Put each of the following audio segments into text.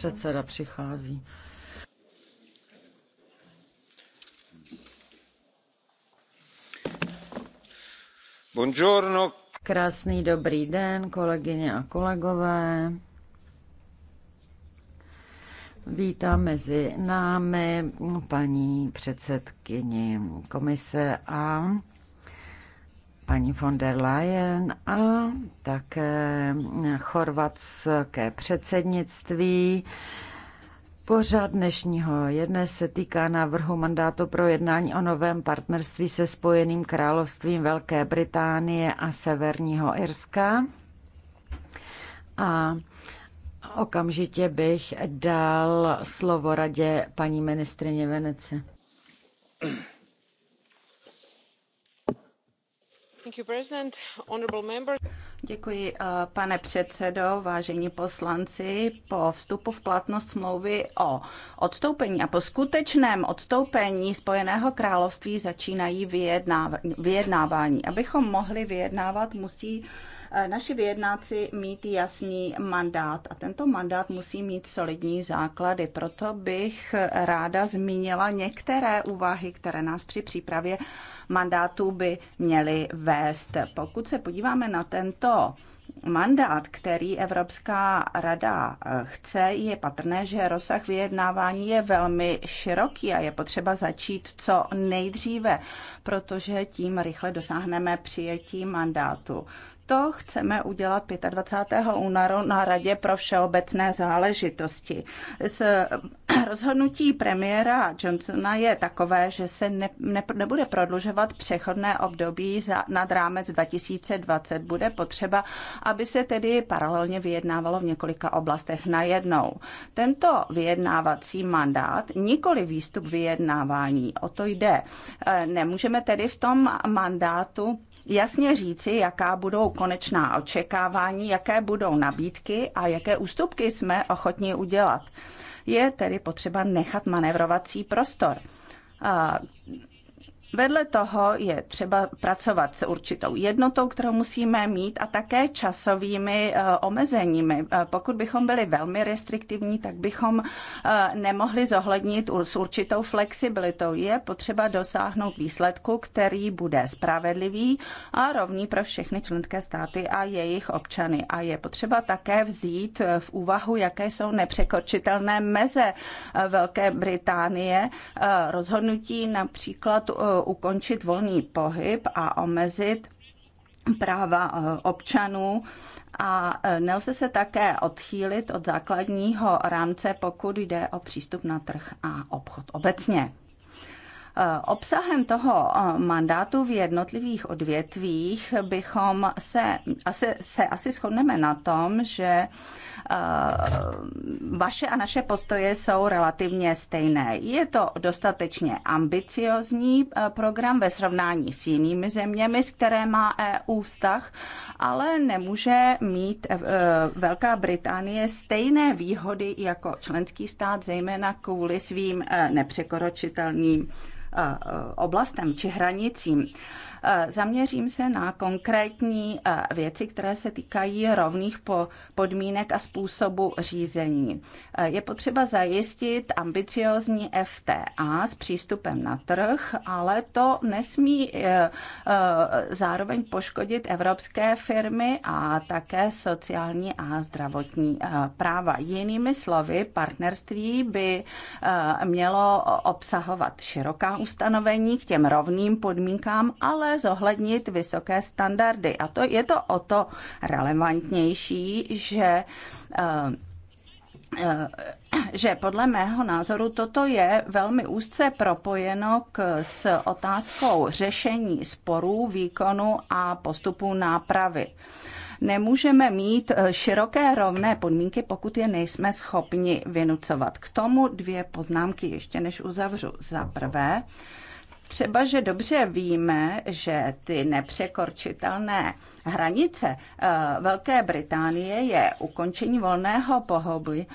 Předseda přichází. Buongiorno. Krásný dobrý den, kolegyně a kolegové. Vítám mezi námi paní předsedkyni komise a paní von der Leyen a také chorvatské předsednictví. Pořád dnešního jedné se týká návrhu mandátu pro jednání o novém partnerství se Spojeným královstvím Velké Británie a Severního Irska. A okamžitě bych dal slovo radě paní ministrině Venece. Děkuji, eh, pane předsedo, vážení poslanci. Po vstupu v platnost smlouvy o odstoupení a po skutečném odstoupení Spojeného království začínají vyjednávání. Abychom mohli vyjednávat, musí Eh, naši vyjednáci mít jasný mandát a tento mandát musí mít solidní základy. Proto bych ráda zmínila některé úvahy, které nás při přípravě mandátu by měly vést. Pokud se podíváme na tento mandát, který Evropská rada eh, chce, je patrné, že rozsah vyjednávání je velmi široký a je potřeba začít co nejdříve, protože tím rychle dosáhneme přijetí mandátu. To chceme udělat 25. února na Radě pro všeobecné záležitosti. S rozhodnutí premiéra Johnsona je takové, že se ne, ne, nebude prodlužovat přechodné období za, nad rámec 2020. Bude potřeba, aby se tedy paralelně vyjednávalo v několika oblastech najednou. Tento vyjednávací mandát, nikoli výstup vyjednávání, o to jde. E, nemůžeme tedy v tom mandátu jasně říci, jaká budou konečná očekávání, jaké budou nabídky a jaké ústupky jsme ochotni udělat. Je tedy potřeba nechat manevrovací prostor. Vedle toho je třeba pracovat s určitou jednotou, kterou musíme mít a také časovými eh, omezeními. Eh, pokud bychom byli velmi restriktivní, tak bychom eh, nemohli zohlednit s určitou flexibilitou. Je potřeba dosáhnout výsledku, který bude spravedlivý a rovný pro všechny členské státy a jejich občany. A je potřeba také vzít v úvahu, jaké jsou nepřekročitelné meze Velké Británie. Rozhodnutí například ukončit volný pohyb a omezit práva eh, občanů a eh, nelze se také odchýlit od základního rámce, pokud jde o přístup na trh a obchod obecně. Eh, obsahem toho eh, mandátu v jednotlivých odvětvích bychom se, asi, se asi shodneme na tom, že eh, vaše a naše postoje jsou relativně stejné. Je to dostatečně ambiciozní program ve srovnání s jinými zeměmi, s které má EU vztah, ale nemůže mít Velká Británie stejné výhody jako členský stát, zejména kvůli svým nepřekoročitelným E, oblastem či hranicím. Eh, zaměřím se na konkrétní eh, věci, které se týkají rovných podmínek a způsobu řízení. Eh, je potřeba zajistit ambiciozní FTA s přístupem na trh, ale to nesmí zároveň poškodit evropské firmy a také sociální a zdravotní práva. Jinými slovy, partnerství by mělo obsahovat široká ustanovení k těm rovným podmínkám, ale ale zohlednit vysoké standardy. A to je to o to relevantnější, že eh, eh, že podle mého názoru toto je velmi úzce propojeno k, s otázkou řešení sporů, výkonu a postupu nápravy. Nemůžeme mít eh, široké rovné podmínky, pokud je nejsme schopni vynucovat. K tomu dvě poznámky ještě než uzavřu. Za prvé, třeba, že dobře víme, že ty nepřekorčitelné hranice eh, Velké Británie je ukončení volného pohybu.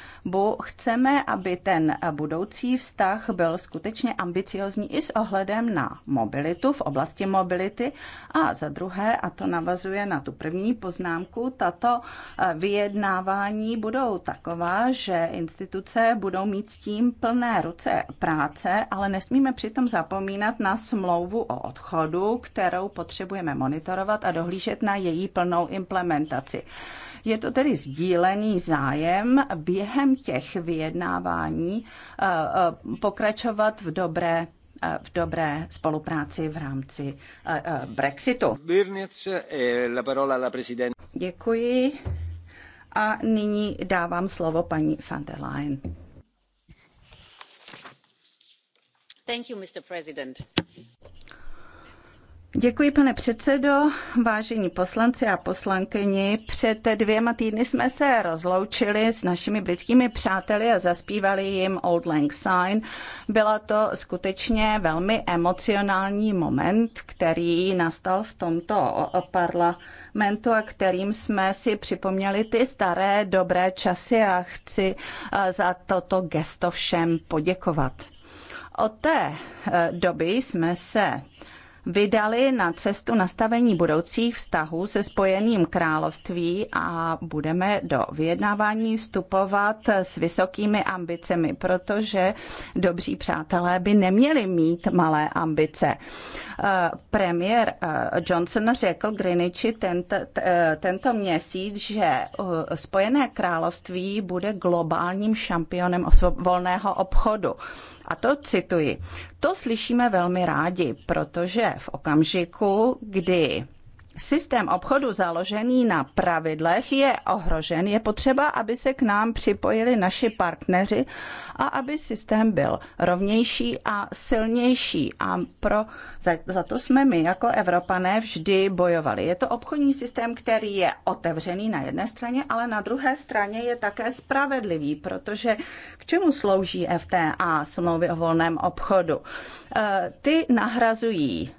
Chceme, aby ten budoucí vztah byl skutečně ambiciozní i s ohledem na mobilitu, v oblasti mobility. A za druhé, a to navazuje na tu první poznámku, tato eh, vyjednávání budou taková, že instituce budou mít s tím plné ruce práce, ale nesmíme přitom zapomínat na smlouvu o odchodu, kterou potřebujeme monitorovat a dohlížet na její plnou implementaci. Je to tedy sdílený zájem během těch vyjednávání eh, eh, pokračovat v dobré eh, v dobré spolupráci v rámci Brexitu. Děkuji a nyní dávám slovo paní van der Leyen. Děkuji, pane předsedo. Vážení poslanci a poslankyni, před dvěma týdny jsme se rozloučili s našimi britskými přáteli a zaspívali jim Old Lang Syne. Byla to skutečně velmi emocionální moment, který nastal v tomto parlamentu a kterým jsme si připomněli ty staré dobré časy a chci eh, za toto gesto všem poděkovat. Od té eh, doby jsme se vydali na cestu nastavení budoucích vztahů se Spojeným království a budeme do vyjednávání vstupovat s vysokými ambicemi, protože dobří přátelé by neměli mít malé ambice. Eh, premiér eh, Johnson řekl Greenwichi tento, tento měsíc, že Spojené království bude globálním šampionem volného obchodu. A to cituji. To slyšíme velmi rádi, protože v okamžiku, kdy systém obchodu založený na pravidlech je ohrožen, je potřeba, aby se k nám připojili naši partneři a aby systém byl rovnější a silnější. A pro, za, za to jsme my jako Evropané vždy bojovali. Je to obchodní systém, který je otevřený na jedné straně, ale na druhé straně je také spravedlivý, protože k čemu slouží FTA, smlouvy o volném obchodu? Eh, ty nahrazují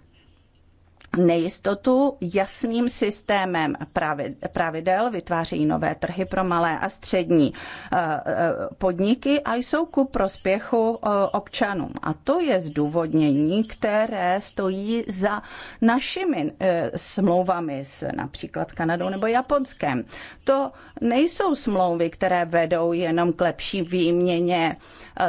nejistotu jasným systémem pravidel, vytvářejí nové trhy pro malé a střední eh, eh, podniky a jsou ku prospěchu eh, občanům. A to je zdůvodnění, které stojí za našimi smlouvami s například s Kanadou nebo Japonskem. To nejsou smlouvy, které vedou jenom k lepší výměně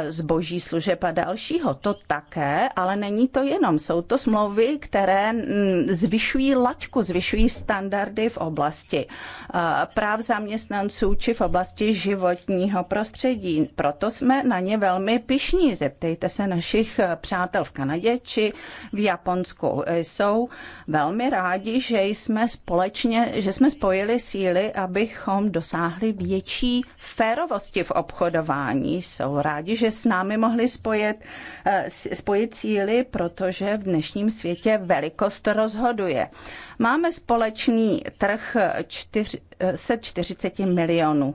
zboží, služeb a dalšího. To také, ale není to jenom. Jsou to smlouvy, které mm, Mm, zvyšují laťku, zvyšují standardy v oblasti eh, práv zaměstnanců či v oblasti životního prostředí. Proto jsme na ně velmi pišní. Zeptejte se našich eh, přátel v Kanadě či v Japonsku. Jsou velmi rádi, že jsme společně, že jsme spojili síly, abychom dosáhli větší férovosti v obchodování. Jsou rádi, že s námi mohli spojit, eh, spojit síly, protože v dnešním světě velikost rozhoduje. Máme společný trh 4, 40 eh, milionů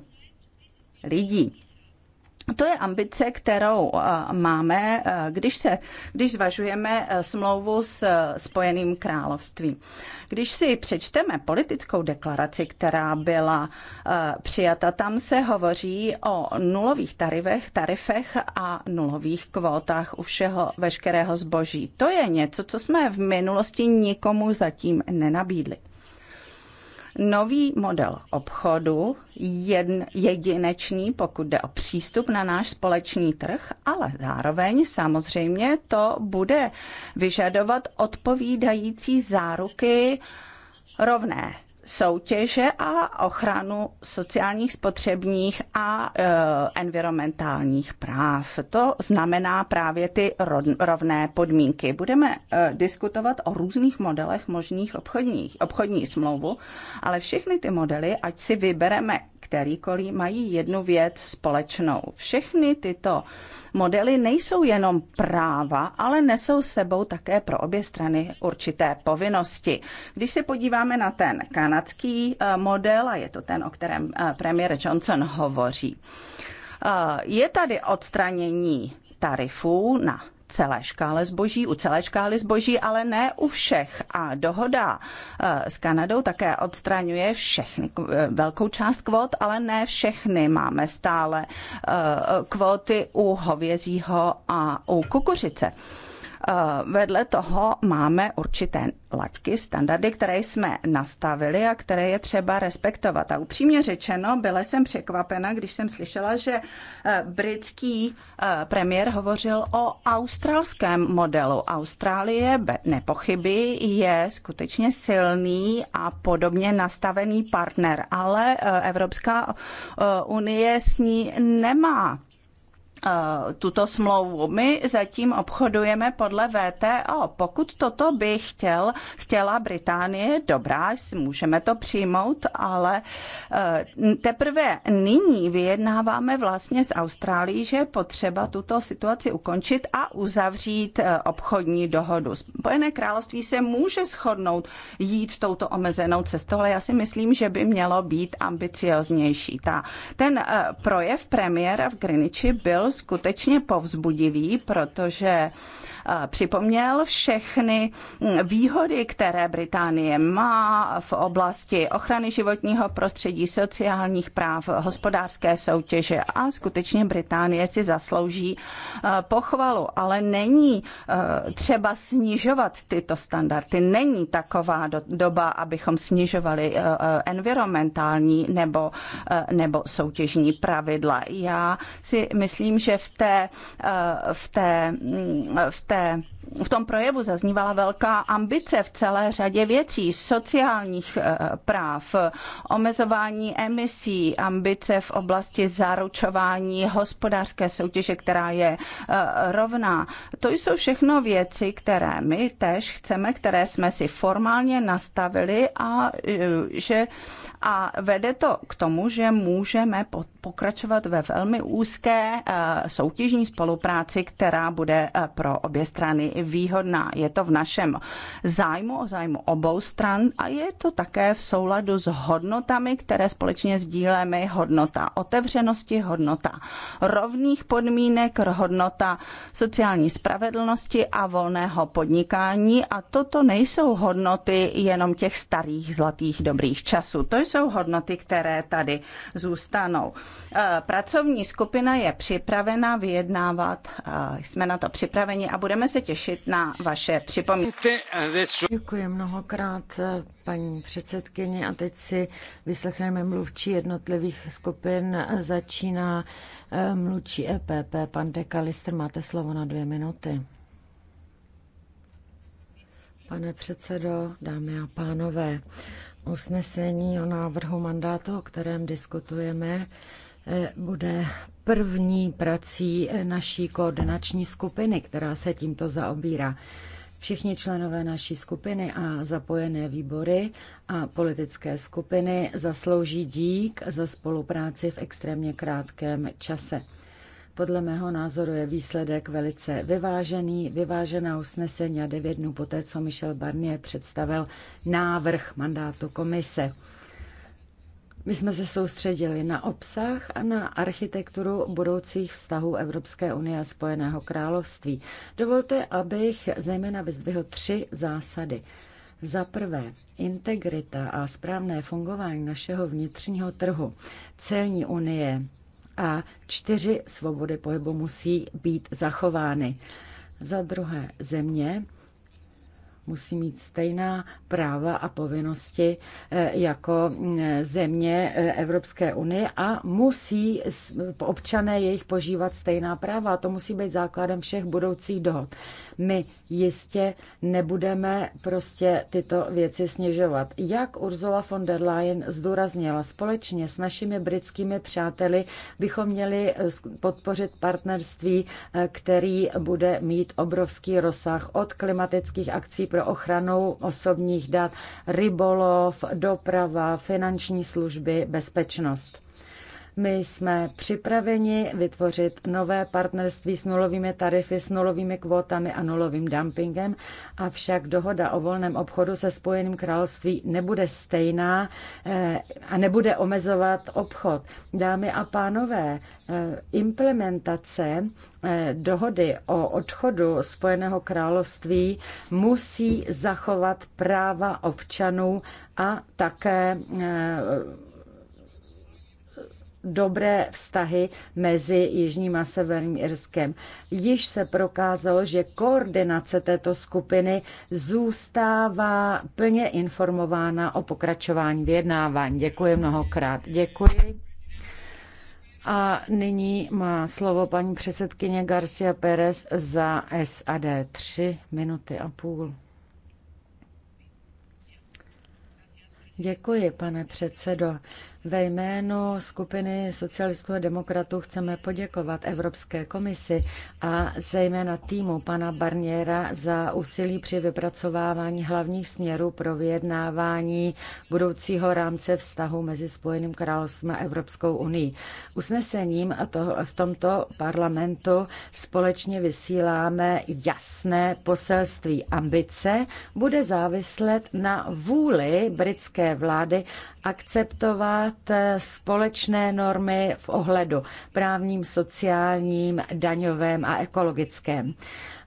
lidí. To je ambice, kterou eh, máme, eh, když, se, když zvažujeme eh, smlouvu s Spojeným královstvím. Když si přečteme politickou deklaraci, která byla přijata, tam se hovoří o nulových tarifech, tarifech a nulových kvótách u všeho veškerého zboží. To je něco, co jsme v minulosti nikomu zatím nenabídli nový model obchodu, jedn, jedinečný, pokud jde o přístup na náš společný trh, ale zároveň samozřejmě to bude vyžadovat odpovídající záruky rovné soutěže a ochranu sociálních, spotřebních a e, environmentálních práv. To znamená právě ty rovné podmínky. Budeme e, diskutovat o různých modelech možných obchodních, obchodní smlouvu, ale všechny ty modely, ať si vybereme kterýkoliv, mají jednu věc společnou. Všechny tyto modely nejsou jenom práva, ale nesou sebou také pro obě strany určité povinnosti. Když se podíváme na ten kanadský eh, model, a je to ten, o kterém eh, premiér Johnson hovoří, eh, je tady odstranění tarifů na celé škále zboží, u celé škály zboží, ale ne u všech. A dohoda eh, s Kanadou také odstraňuje všechny, eh, velkou část kvót, ale ne všechny. Máme stále eh, kvóty u hovězího a u kukuřice. Eh, vedle toho máme určité laťky, standardy, které jsme nastavili a které je třeba respektovat. A upřímně řečeno, byla jsem překvapena, když jsem slyšela, že eh, britský eh, premiér hovořil o australském modelu. Austrálie nepochyby je skutečně silný a podobně nastavený partner, ale Evropská unie s ní nemá Eh, tuto smlouvu. My zatím obchodujeme podle VTO. Pokud toto by chtěl, chtěla Británie, dobrá, můžeme to přijmout, ale eh, teprve nyní vyjednáváme vlastně s Austrálií, že je potřeba tuto situaci ukončit a uzavřít eh, obchodní dohodu. Spojené království se může shodnout jít touto omezenou cestou, ale já si myslím, že by mělo být ambicioznější. Ta, ten projev premiéra v Greenwichi byl skutečně povzbudivý, protože připomněl všechny výhody, které Británie má v oblasti ochrany životního prostředí, sociálních práv, hospodářské soutěže a skutečně Británie si zaslouží eh, pochvalu, ale není eh, třeba snižovat tyto standardy. Není taková doba, abychom snižovali eh, environmentální nebo, nebo soutěžní pravidla. Já si myslím, že v té, v té, mm, v té té v tom projevu zaznívala velká ambice v celé řadě věcí, sociálních eh, práv, omezování emisí, ambice v oblasti zaručování hospodářské soutěže, která je eh, rovná. To jsou všechno věci, které my tež chceme, které jsme si formálně nastavili a, eh, že, a vede to k tomu, že můžeme pokračovat ve velmi úzké soutěžní spolupráci, která bude pro obě strany výhodná. Je to v našem zájmu, o zájmu obou stran a je to také v souladu s hodnotami, které společně sdílíme, hodnota otevřenosti, hodnota rovných podmínek, hodnota sociální spravedlnosti a volného podnikání a toto nejsou hodnoty jenom těch starých zlatých dobrých časů. To jsou hodnoty, které tady zůstanou. Eh, pracovní skupina je připravena vyjednávat, eh, jsme na to připraveni a budeme se těšit na vaše připomínky. Děkuji mnohokrát, eh, paní předsedkyně. A teď si vyslechneme mluvčí jednotlivých skupin. Začíná mluvčí EPP. Pan Dekalister, máte slovo na dvě minuty. Pane předsedo, dámy a pánové, usnesení o návrhu mandátu, o kterém diskutujeme, bude první prací naší koordinační skupiny, která se tímto zaobírá. Všichni členové naší skupiny a zapojené výbory a politické skupiny zaslouží dík za spolupráci v extrémně krátkém čase. Podle mého názoru je výsledek velice vyvážený, vyvážená usnesení a devět dnů poté, co Michel Barnier představil návrh mandátu komise. My jsme se soustředili na obsah a na architekturu budoucích vztahů Evropské unie a Spojeného království. Dovolte, abych zejména vyzdvihl tři zásady. Za prvé, integrita a správné fungování našeho vnitřního trhu, celní unie a čtyři svobody pohybu musí být zachovány. Za druhé, země musí mít stejná práva a povinnosti eh, jako mm, země eh, Evropské unie a musí občané jejich požívat stejná práva. A to musí být základem všech budoucích dohod. My jistě nebudeme prostě tyto věci snižovat. Jak Ursula von der Leyen zdůraznila, společně s našimi britskými přáteli bychom měli eh, podpořit partnerství, který bude mít obrovský rozsah od klimatických akcí pro ochranu osobních dat, rybolov, doprava, finanční služby, bezpečnost. My jsme připraveni vytvořit nové partnerství s nulovými tarify, s nulovými kvótami a nulovým dumpingem, avšak dohoda o volném obchodu se Spojeným království nebude stejná eh, a nebude omezovat obchod. Dámy a pánové, eh, implementace eh, dohody o odchodu Spojeného království musí zachovat práva občanů a také dobré vztahy mezi Jižním a Severním Irskem. Již se prokázalo, že koordinace této skupiny zůstává plně informována o pokračování vyjednávání. Děkuji mnohokrát. Děkuji. A nyní má slovo paní předsedkyně Garcia Pérez za SAD tři minuty a půl. Děkuji, pane předsedo. Ve jménu skupiny socialistů a demokratů chceme poděkovat Evropské komisi a zejména týmu pana Barniera za úsilí při vypracovávání hlavních směrů pro vyjednávání budoucího rámce vztahu mezi Spojeným královstvím a Evropskou unii. Usnesením to, v tomto parlamentu společně vysíláme jasné poselství. Ambice bude závislet na vůli britské české vlády akceptovat eh, společné normy v ohledu právním, sociálním, daňovém a ekologickém.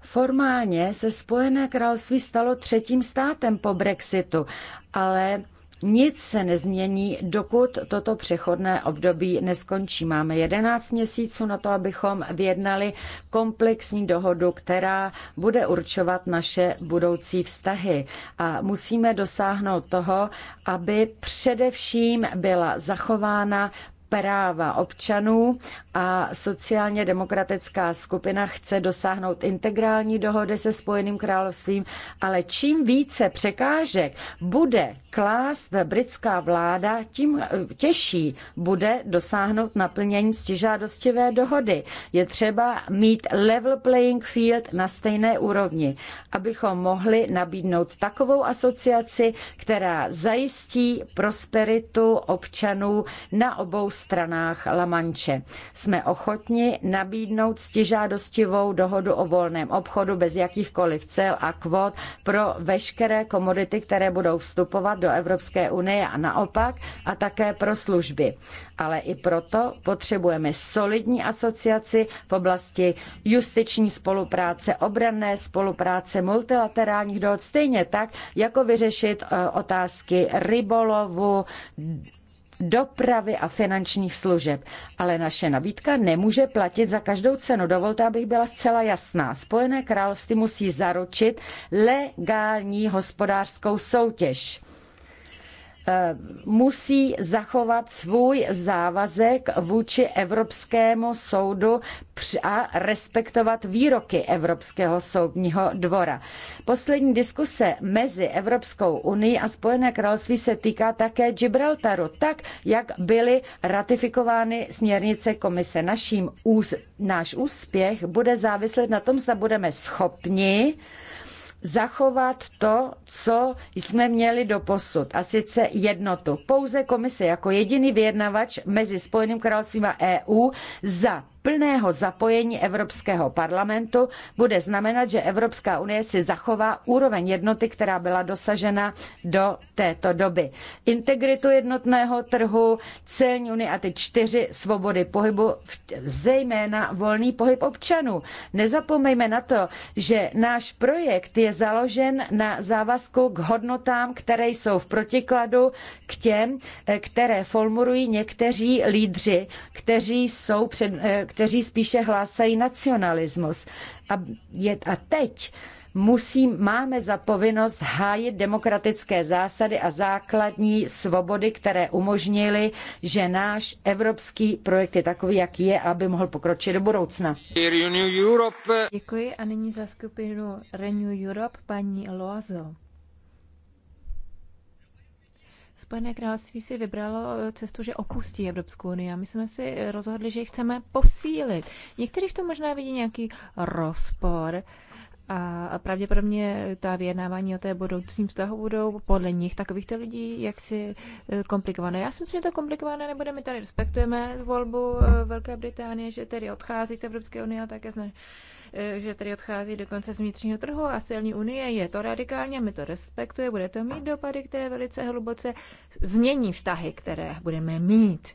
Formálně se Spojené království stalo třetím státem po Brexitu, ale nic se nezmění, dokud toto přechodné období neskončí. Máme 11 měsíců na to, abychom vyjednali komplexní dohodu, která bude určovat naše budoucí vztahy. A musíme dosáhnout toho, aby především byla zachována práva občanů a sociálně demokratická skupina chce dosáhnout integrální dohody se Spojeným královstvím, ale čím více překážek bude klást britská vláda, tím eh, těžší bude dosáhnout naplnění stižádostivé dohody. Je třeba mít level playing field na stejné úrovni, abychom mohli nabídnout takovou asociaci, která zajistí prosperitu občanů na obou stranách La Manche. Jsme ochotni nabídnout stěžádostivou dohodu o volném obchodu bez jakýchkoliv cel a kvot pro veškeré komodity, které budou vstupovat do Evropské unie a naopak a také pro služby. Ale i proto potřebujeme solidní asociaci v oblasti justiční spolupráce, obranné spolupráce, multilaterálních dohod, stejně tak, jako vyřešit eh, otázky rybolovu, dopravy a finančních služeb. Ale naše nabídka nemůže platit za každou cenu. Dovolte, abych byla zcela jasná. Spojené království musí zaručit legální hospodářskou soutěž musí zachovat svůj závazek vůči Evropskému soudu a respektovat výroky Evropského soudního dvora. Poslední diskuse mezi Evropskou unii a Spojené království se týká také Gibraltaru, tak jak byly ratifikovány směrnice komise. Naším, náš úspěch bude záviset na tom, zda budeme schopni zachovat to, co jsme měli do posud, a sice jednotu. Pouze komise jako jediný vyjednavač mezi Spojeným královstvím a EU za plného zapojení Evropského parlamentu bude znamenat, že Evropská unie si zachová úroveň jednoty, která byla dosažena do této doby. Integritu jednotného trhu, celní unie a ty čtyři svobody pohybu, zejména volný pohyb občanů. Nezapomeňme na to, že náš projekt je založen na závazku k hodnotám, které jsou v protikladu k těm, eh, které formulují někteří lídři, kteří jsou před, eh, kteří spíše hlásají nacionalismus. A, je, a teď musí, máme za povinnost hájit demokratické zásady a základní svobody, které umožnily, že náš evropský projekt je takový, jak je, aby mohl pokročit do budoucna. Děkuji a nyní za skupinu Renew Europe paní Loazo. Spojené království si vybralo eh, cestu, že opustí Evropskou unii a my jsme si rozhodli, že ji chceme posílit. Někteří v tom možná vidí nějaký rozpor, a pravděpodobně ta vyjednávání o té budoucím vztahu budou podle nich takovýchto lidí jaksi eh, komplikované. Já si myslím, že to komplikované nebude. My tady respektujeme volbu eh, Velké Británie, že tedy odchází z Evropské unie a také z Eh, že tady odchází dokonce z vnitřního trhu a silní unie. Je to radikálně, my to respektuje, bude to mít dopady, které velice hluboce změní vztahy, které budeme mít.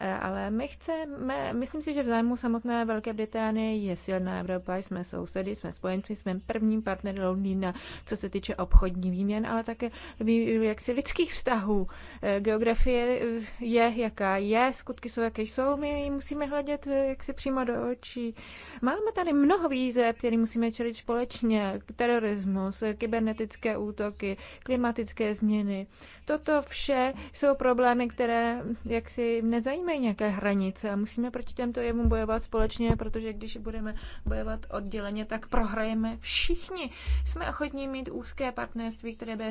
Eh, ale my chceme, myslím si, že v zájmu samotné Velké Británie je silná Evropa, jsme sousedy, jsme spojenci, jsme prvním partnerem Londýna, co se týče obchodní výměn, ale také jaksi lidských vztahů. Eh, geografie eh, je, jaká je, skutky jsou, jaké jsou, my ji musíme hledět jaksi přímo do očí. Máme tady mnoho výzev, které musíme čelit společně. Terorismus, kybernetické útoky, klimatické změny. Toto vše jsou problémy, které jaksi nezajímají máme nějaké hranice a musíme proti těmto jevům bojovat společně, protože když budeme bojovat odděleně, tak prohrajeme všichni. Jsme ochotní mít úzké partnerství, které bude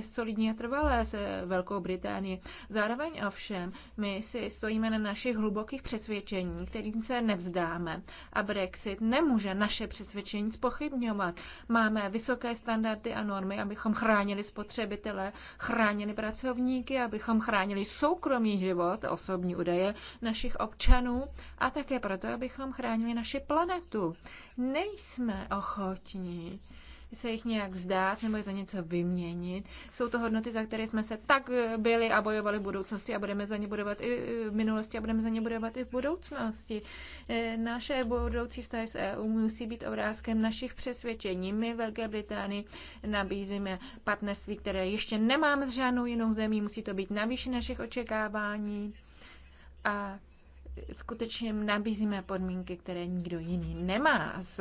a trvalé se Velkou Británií. Zároveň ovšem, my si stojíme na našich hlubokých přesvědčení, kterým se nevzdáme. A Brexit nemůže naše přesvědčení spochybňovat. Máme vysoké standardy a normy, abychom chránili spotřebitele, chránili pracovníky, abychom chránili soukromý život, osobní údaje, našich občanů a také proto, abychom chránili naši planetu. Nejsme ochotní se jich nějak vzdát nebo je za něco vyměnit. Jsou to hodnoty, za které jsme se tak byli a bojovali v budoucnosti a budeme za ně budovat i e, v minulosti a budeme za ně budovat i v budoucnosti. E, naše budoucí vztahy s EU musí být obrázkem našich přesvědčení. My Velké Británii nabízíme partnerství, které ještě nemáme s žádnou jinou zemí. Musí to být na výši našich očekávání a skutečně nabízíme podmínky, které nikdo jiný nemá z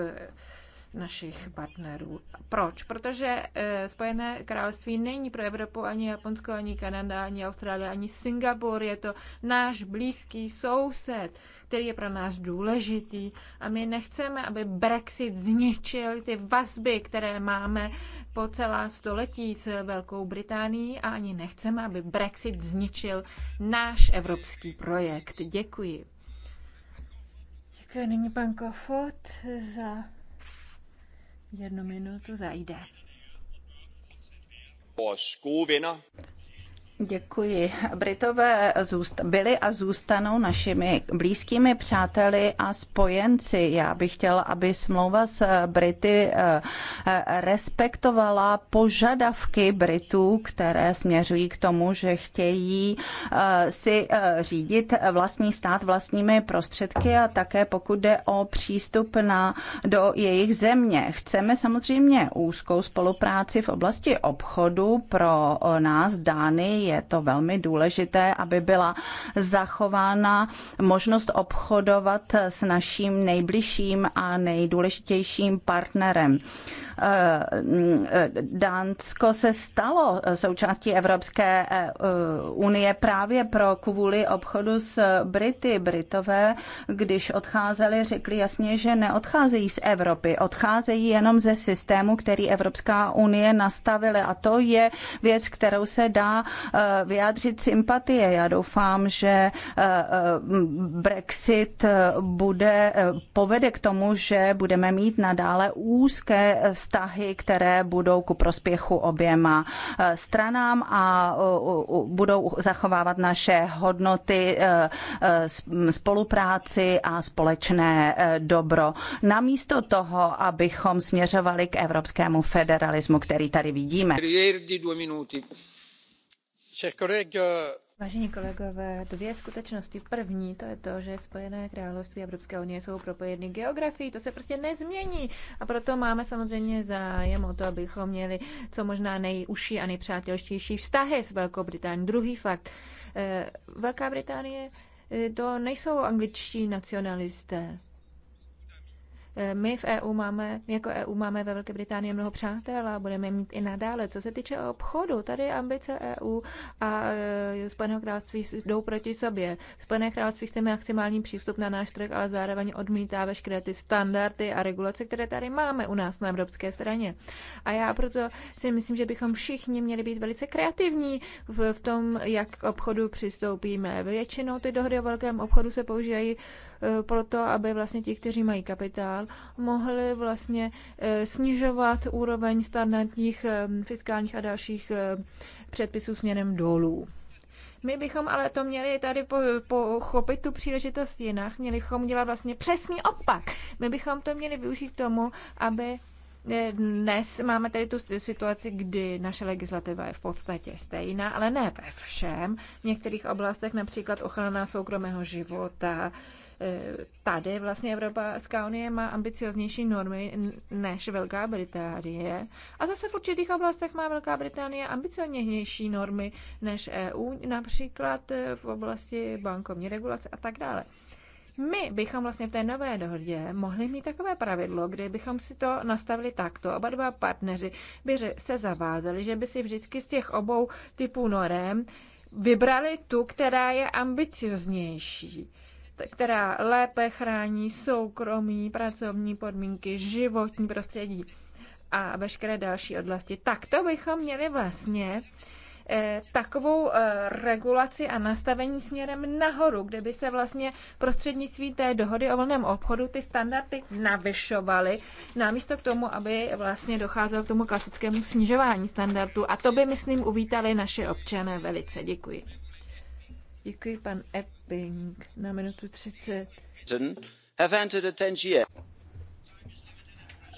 našich partnerů. Proč? Protože eh, Spojené království není pro Evropu ani Japonsko, ani Kanada, ani Austrálie, ani Singapur. Je to náš blízký soused, který je pro nás důležitý. A my nechceme, aby Brexit zničil ty vazby, které máme po celá století s Velkou Británií a ani nechceme, aby Brexit zničil náš evropský projekt. Děkuji. Děkuji nyní pan Kofot za Jednu minutu zajde. Vores gode venner Děkuji. Britové byli a zůstanou našimi blízkými přáteli a spojenci. Já bych chtěla, aby smlouva s Brity eh, eh, respektovala požadavky Britů, které směřují k tomu, že chtějí eh, si řídit vlastní stát vlastními prostředky a také pokud jde o přístup na, do jejich země. Chceme samozřejmě úzkou spolupráci v oblasti obchodu pro nás dány je to velmi důležité, aby byla zachována možnost obchodovat s naším nejbližším a nejdůležitějším partnerem. Eh, mm, eh, Dánsko se stalo součástí Evropské eh, unie právě pro kvůli obchodu s Brity. Britové, když odcházeli, řekli jasně, že neodcházejí z Evropy, odcházejí jenom ze systému, který Evropská unie nastavila. A to je věc, kterou se dá Eh, vyjádřit sympatie. Já doufám, že eh, eh, Brexit bude, povede k tomu, že budeme mít nadále úzké vztahy, které budou ku prospěchu oběma stranám a budou zachovávat naše hodnoty, spolupráci a společné dobro. Namísto toho, abychom směřovali k evropskému federalismu, který tady vidíme. Euh, Vážení kolegové, dvě skutečnosti. První to je to, že Spojené království a unie jsou propojeny geografií, to se prostě nezmění. A proto máme samozřejmě zájem o to, abychom měli co možná nejužší a nejpřátelštější vztahy s Velkou Británií. Druhý fakt. Eh, Velká Británie eh, to nejsou angličtí nacionalisté. My v EU máme, jako EU máme ve Velké Británii mnoho přátel a budeme mít i nadále. Co se týče obchodu, tady ambice EU a e, Spojeného království jdou proti sobě. Spojené království chce maximální přístup na náš trh, ale zároveň odmítá veškeré ty standardy a regulace, které tady máme u nás na evropské straně. A já proto si myslím, že bychom všichni měli být velice kreativní v, v tom, jak k obchodu přistoupíme. Většinou ty dohody o velkém obchodu se používají E, proto, aby vlastně ti, kteří mají kapitál, mohli vlastně e, snižovat úroveň standardních e, fiskálních a dalších předpisů směrem dolů. My bychom ale to měli tady pochopit tu příležitost jinak, měli bychom dělat vlastně přesný opak. My bychom to měli využít k tomu, aby dnes máme tady tu situaci, kdy naše legislativa je v podstatě stejná, ale ne ve všem. V některých oblastech, například ochrana soukromého života, tady vlastně Evropská unie má ambicioznější normy než Velká Británie a zase v určitých oblastech má Velká Británie ambicioznější normy než EU, například v oblasti bankovní regulace a tak dále. My bychom vlastně v té nové dohodě mohli mít takové pravidlo, kde bychom si to nastavili takto. Oba dva partneři by se zavázali, že by si vždycky z těch obou typů norem vybrali tu, která je ambicioznější která lépe chrání soukromí, pracovní podmínky, životní prostředí a veškeré další oblasti. Tak to bychom měli vlastně eh, takovou eh, regulaci a nastavení směrem nahoru, kde by se vlastně prostřednictví té dohody o volném obchodu ty standardy navyšovaly, namísto k tomu, aby vlastně docházelo k tomu klasickému snižování standardů. A to by, myslím, uvítali naše občané velice. Děkuji. Děkuji, pan na minutu 30. Have entered a 10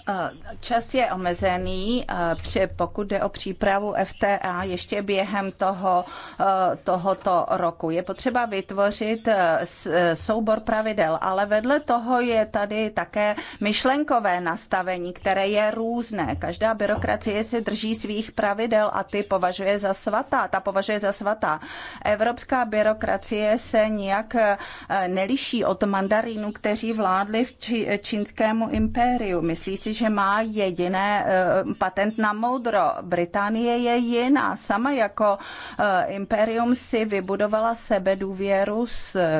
Eh, čas je omezený, eh, pokud jde o přípravu FTA ještě během toho, eh, tohoto roku. Je potřeba vytvořit soubor pravidel, ale vedle toho je tady také myšlenkové nastavení, které je různé. Každá byrokracie se drží svých pravidel a ty považuje za svatá. Ta považuje za svatá. Evropská byrokracie se nijak neliší od mandarínů, kteří vládli v čínskému impériu. Myslí si, že má jediné eh, patent na moudro. Británie je jiná. Sama jako eh, imperium si vybudovala sebedůvěru,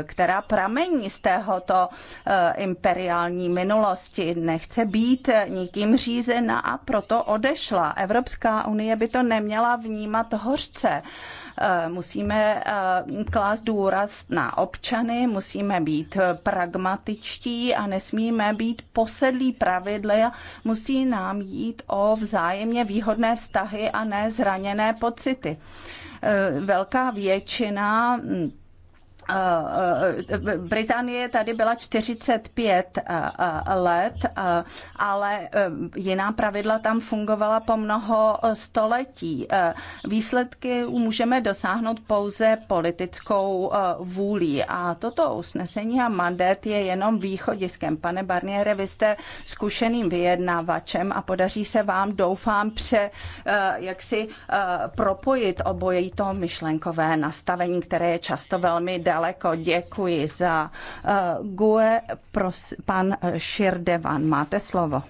která pramení z tohoto eh, imperiální minulosti. Nechce být nikým řízena a proto odešla. Evropská unie by to neměla vnímat hořce musíme klást důraz na občany, musíme být pragmatičtí a nesmíme být posedlí pravidly a Musí nám jít o vzájemně výhodné vztahy a ne zraněné pocity. E, velká většina Eh, eh, Británie tady byla 45 eh, let, ale jiná pravidla tam fungovala po mnoho století. Výsledky můžeme dosáhnout pouze politickou vůlí a toto usnesení a mandát je jenom východiskem. Pane Barniere, vy jste zkušeným vyjednávačem a podaří se vám, doufám, pře, jak si propojit obojí to myšlenkové nastavení, které je často velmi dal daleko. Děkuji za uh, GUE. Pros, pan Širdevan, máte slovo.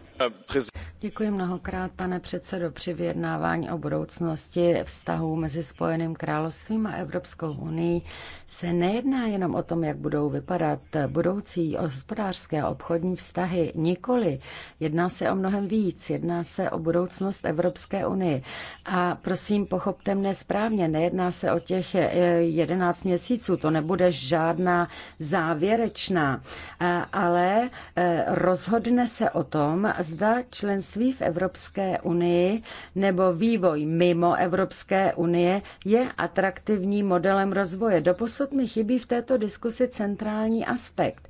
Děkuji mnohokrát, pane předsedo, při vyjednávání o budoucnosti vztahů mezi Spojeným královstvím a Evropskou unii se nejedná jenom o tom, jak budou vypadat budoucí hospodářské a obchodní vztahy. Nikoli. Jedná se o mnohem víc. Jedná se o budoucnost Evropské unie. A prosím, pochopte mne správně, nejedná se o těch 11 eh, měsíců. To nebude žádná závěrečná, eh, ale eh, rozhodne se o tom, zda členství v Evropské unii nebo vývoj mimo Evropské unie je atraktivním modelem rozvoje. Doposud mi chybí v této diskusi centrální aspekt.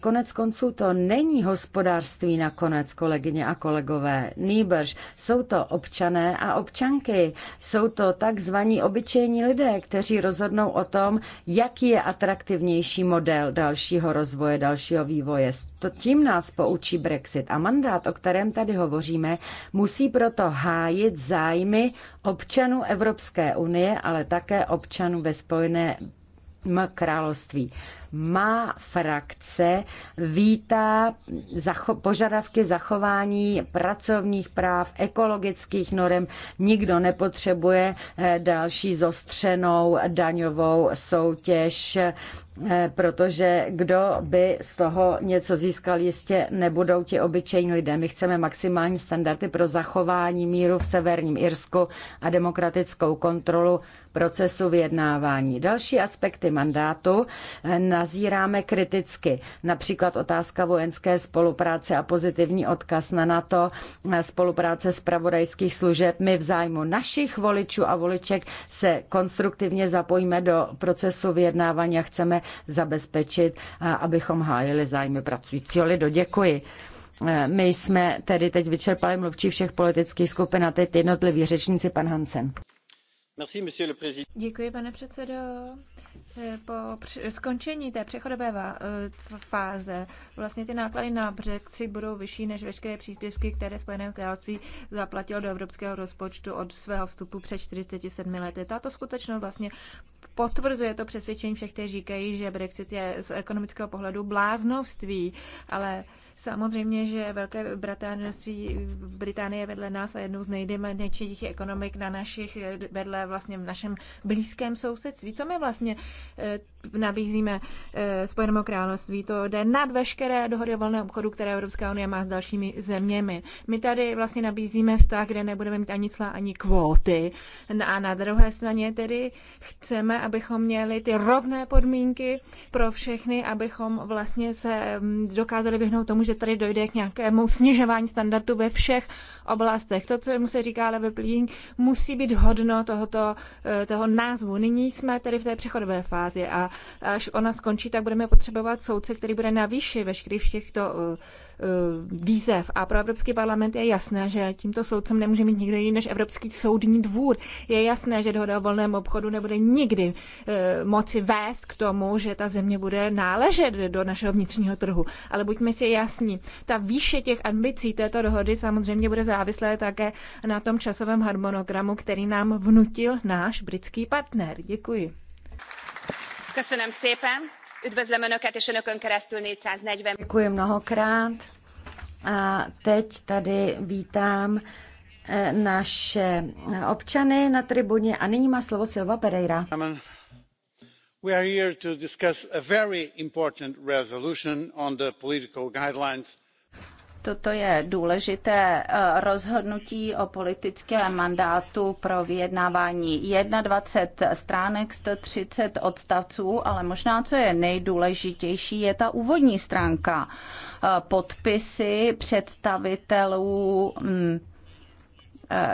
Konec konců to není hospodářství nakonec, kolegyně a kolegové. Nýbrž jsou to občané a občanky. Jsou to takzvaní obyčejní lidé, kteří rozhodnou o tom, jaký je atraktivnější model dalšího rozvoje, dalšího vývoje. To tím nás poučí Brexit. A mandát, o kterém tady hovoříme, musí proto hájit zájmy občanů Evropské unie, ale také občanů ve Spojené království. Má frakce vítá zacho- požadavky zachování pracovních práv, ekologických norm. Nikdo nepotřebuje eh, další zostřenou daňovou soutěž eh, protože kdo by z toho něco získal, jistě nebudou ti obyčejní lidé. My chceme maximální standardy pro zachování míru v severním Irsku a demokratickou kontrolu procesu vyjednávání. Další aspekty mandátu, nazíráme kriticky. Například otázka vojenské spolupráce a pozitivní odkaz na NATO, eh, spolupráce zpravodajských služeb. My v zájmu našich voličů a voliček se konstruktivně zapojíme do procesu vyjednávání a chceme zabezpečit, eh, abychom hájili zájmy pracujícího lidu. Děkuji. Eh, my jsme tedy teď vyčerpali mluvčí všech politických skupin a teď jednotliví řečníci pan Hansen. Děkuji, pane předsedo po skončení té přechodové eh, fáze vlastně ty náklady na Brexit budou vyšší než veškeré příspěvky, které Spojené království zaplatilo do evropského rozpočtu od svého vstupu před 47 lety. Tato skutečnost vlastně potvrzuje to přesvědčení všech, kteří říkají, že Brexit je z ekonomického pohledu bláznovství, ale Samozřejmě, že Velké Británství, Británie vedle nás a jednou z nejdimenčních ekonomik na našich, vedle vlastně v našem blízkém sousedství. Co my vlastně eh, nabízíme eh, Spojenému království? To jde nad veškeré dohody o volném obchodu, které Evropská unie má s dalšími zeměmi. My tady vlastně nabízíme vztah, kde nebudeme mít ani cla, ani kvóty. No a na druhé straně tedy chceme, abychom měli ty rovné podmínky pro všechny, abychom vlastně se hm, dokázali vyhnout tomu, že tady dojde k nějakému snižování standardu ve všech oblastech. To, co mu se říká leveling, musí být hodno tohoto, eh, toho názvu. Nyní jsme tedy v té přechodové fázi a až ona skončí, tak budeme potřebovat soudce, který bude navýšit veškerých těchto eh, Eh, výzev. A pro Evropský parlament je jasné, že tímto soudcem nemůže mít nikdo jiný než Evropský soudní dvůr. Je jasné, že dohoda o volném obchodu nebude nikdy eh, moci vést k tomu, že ta země bude náležet do našeho vnitřního trhu. Ale buďme si jasní, ta výše těch ambicí této dohody samozřejmě bude závislé také na tom časovém harmonogramu, který nám vnutil náš britský partner. Děkuji. Köszönöm szépen! Üdvözlöm Önöket, és Önökön keresztül 440. Děkuji mnohokrát. A teď tady vítám e, naše občany na tribuně a nyní má slovo Silva Pereira. We are here to discuss a very important resolution on the political guidelines Toto je důležité eh, rozhodnutí o politickém mandátu pro vyjednávání 21 stránek, 130 odstavců, ale možná, co je nejdůležitější, je ta úvodní stránka. Eh, podpisy představitelů mm,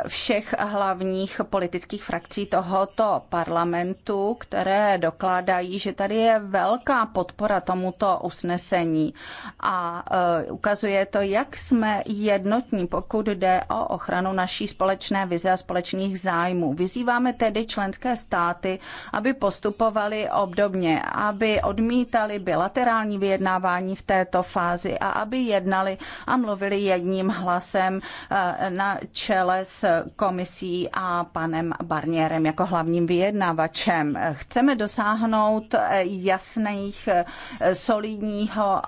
všech hlavních politických frakcí tohoto parlamentu, které dokládají, že tady je velká podpora tomuto usnesení a e, ukazuje to, jak jsme jednotní, pokud jde o ochranu naší společné vize a společných zájmů. Vyzýváme tedy členské státy, aby postupovali obdobně, aby odmítali bilaterální vyjednávání v této fázi a aby jednali a mluvili jedním hlasem e, na čele s komisí a panem Barnierem jako hlavním vyjednavačem. Chceme dosáhnout eh, jasných, eh, solidního,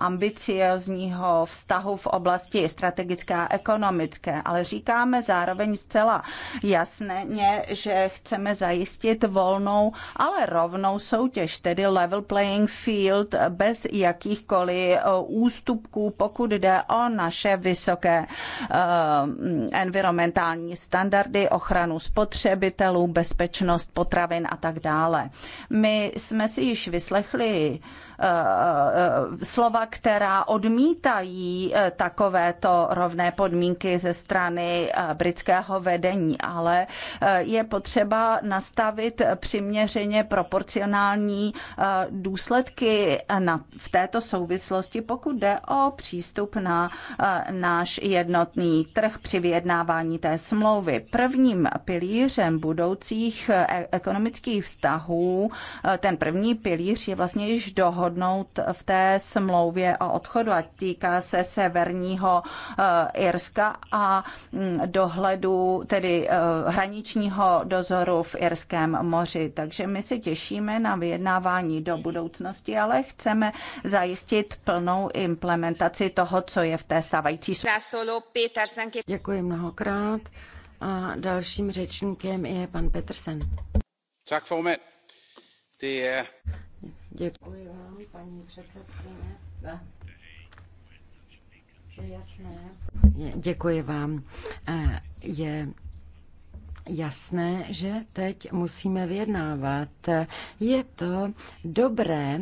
ambiciozního vztahu v oblasti strategické a ekonomické, ale říkáme zároveň zcela jasně, že chceme zajistit volnou, ale rovnou soutěž, tedy level playing field bez jakýchkoliv eh, ústupků, pokud jde o naše vysoké environmentální environmentální standardy, ochranu spotřebitelů, bezpečnost potravin a tak dále. My jsme si již vyslechli Eh, eh, slova, která odmítají eh, takovéto rovné podmínky ze strany britského vedení, ale je potřeba nastavit přiměřeně proporcionální důsledky na, v této souvislosti, pokud jde o přístup na náš jednotný trh při vyjednávání té smlouvy. Prvním pilířem budoucích ekonomických vztahů, ten první pilíř je vlastně již dohoda dohodnout v té smlouvě o odchodu a týká se severního eh, Irska a mm, dohledu, tedy eh, hraničního dozoru v Irském moři. Takže my se těšíme na vyjednávání do budoucnosti, ale chceme zajistit plnou implementaci toho, co je v té stávající Děkuji mnohokrát. A dalším řečníkem je pan Petersen. Tak, Děkuji vám, paní předsedkyně. Eh, je jasné. Děkuji vám. Eh, je jasné, že teď musíme vyjednávat. Je to dobré,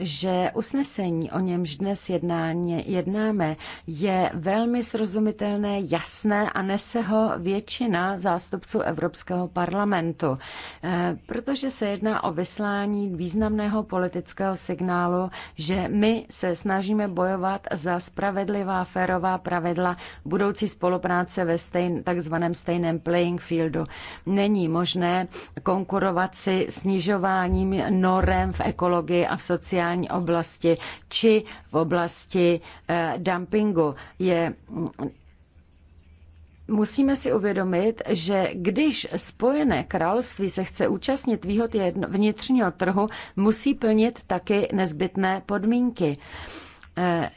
že usnesení, o němž dnes jednáně, jednáme, je velmi srozumitelné, jasné a nese ho většina zástupců Evropského parlamentu, eh, protože se jedná o vyslání významného politického signálu, že my se snažíme bojovat za spravedlivá, férová pravidla budoucí spolupráce ve stejn, takzvaném stejném playing fieldu. Není možné konkurovat si snižováním norem v ekologii a v sociální sociální oblasti či v oblasti eh, dumpingu. Je mm, Musíme si uvědomit, že když Spojené království se chce účastnit výhod vnitřního trhu, musí plnit taky nezbytné podmínky eh,